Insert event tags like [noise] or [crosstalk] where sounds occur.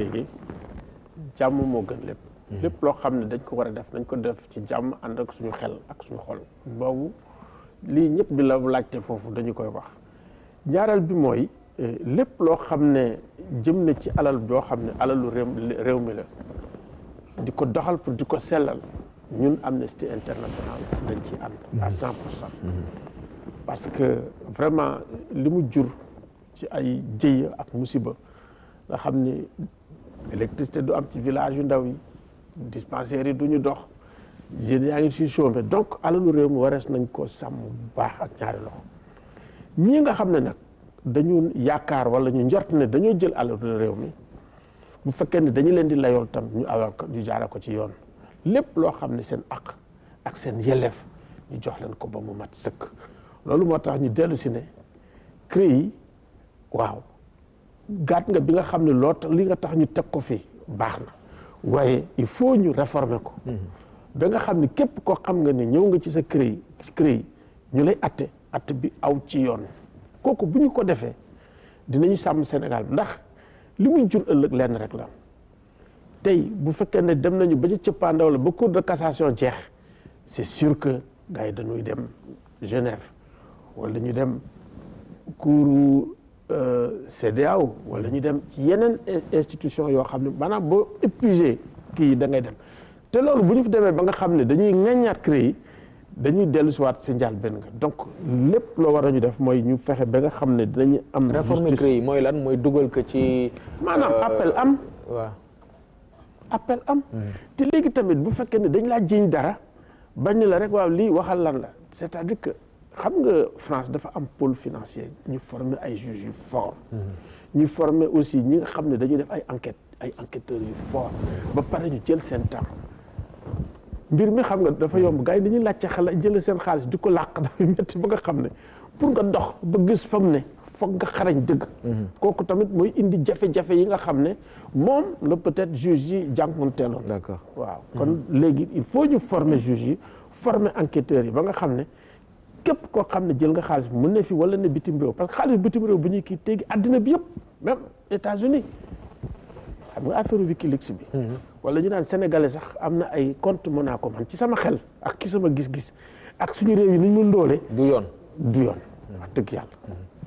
léegi jàmm moo gën lépp hmm. lépp loo xam ne dañ ko war a def dañ ko def ci jàmm ànd ak suñu xel ak suñu xol boobu lii ñëpp di la laajte foofu dañu koy wax ñaareel bi mooy eh, lépp loo xam ne jëm na ci alal joo xam ne alalu réew mi la di ko doxal pour di ko sellal ñun Amnesty International dañ ci ànd à hmm. cent pour cent hmm. parce que vraiment li mu jur ci ay jëy ak musiba nga xam ni électricité du am ci village yu ndaw yi dispensaires yi du ñu dox jeunes yaa ngi si chômé donc alalu réew mi warees nañ koo sàmm bu baax ak ñaari loxo ñi nga xam ne nag dañu yaakaar wala ñu njort ne dañoo jël alalu réew mi bu fekkee ne dañu leen di layool tam ñu awal ko ñu jaare ko ci yoon lépp loo xam ne seen aq ak seen yelleef ñu jox leen ko ba mu mat sëkk loolu moo tax ñu dellu si ne CREI yi waaw gàtt nga bi nga xam ne loo li nga tax ñu teg ko fii baax na waaye il faut ñu réformer ko mm-hmm. ba nga xam ne képp ko xam nga ne ñëw nga ci sa CREI CREI ñu lay atte atte bi aw ci yoon kooku bu ñu ko defee dinañu sàmm Sénégal ndax li muy jur ëllëg lenn rek la tey bu fekkee ne dem nañu ba ca cëppaandaw la ba cour de cassation jeex c'est sûr que gars yi dañuy dem Genève wala ñu dem cour Euh, CEDEAO wala ñu dem ci yeneen institution yoo xam ne maanaam boo épuisé kii da ngay dem te loolu bu ñu fi demee ba nga xam ne dañuy ŋaññaat CREI dañuy dellu si waat si njaal benn nga donc lépp loo war a ñu def mooy ñu fexe ba nga xam ne dinañu am. réforme CREI mooy lan mooy dugal ko ci. maanaam euh, appel am. waaw am. Hmm. te léegi tamit bu fekkee ne dañ laa jiiñ dara bañ ni la rek waaw lii waxal lan la c'est-à-dire que. xam nga France dafa am pôle financier ñu former ay juges yu fort mhm. ñu former aussi ñi nga xam ne dañuy def ay enquête ay enquêteurs yu fort ba pare ñu jël seen temps mbir mi xam nga dafa yomb gars yi dañuy laajte xala jël seen xaalis di ko làq [laughs] dafa métti ba nga xam ne pour nga dox ba gis fa mu ne foog nga xarañ dëgg mhm. kooku tamit mooy indi jafe-jafe yi nga xam ne moom la peut-être juge yi jànkuwanteeloon d'accord waaw kon léegi il faut ñu former juge yi former enquêteurs yi ba nga xam ne képp koo xam ne jël nga xaalis bi mën na fi wala ne bitim réew parce que xaalis bitim réew bu ñuy kii téegi àddina bi yëpp même États-Unis xam nga affaire Wikileaks bi mhm. wala ñu naan sénégalais sax am na ay compte Monaco man ci sama xel ak ci sama gis-gis ak suñu réew yi ni ñu mën doole du yoon du yoon wax dëgg yàlla mhm.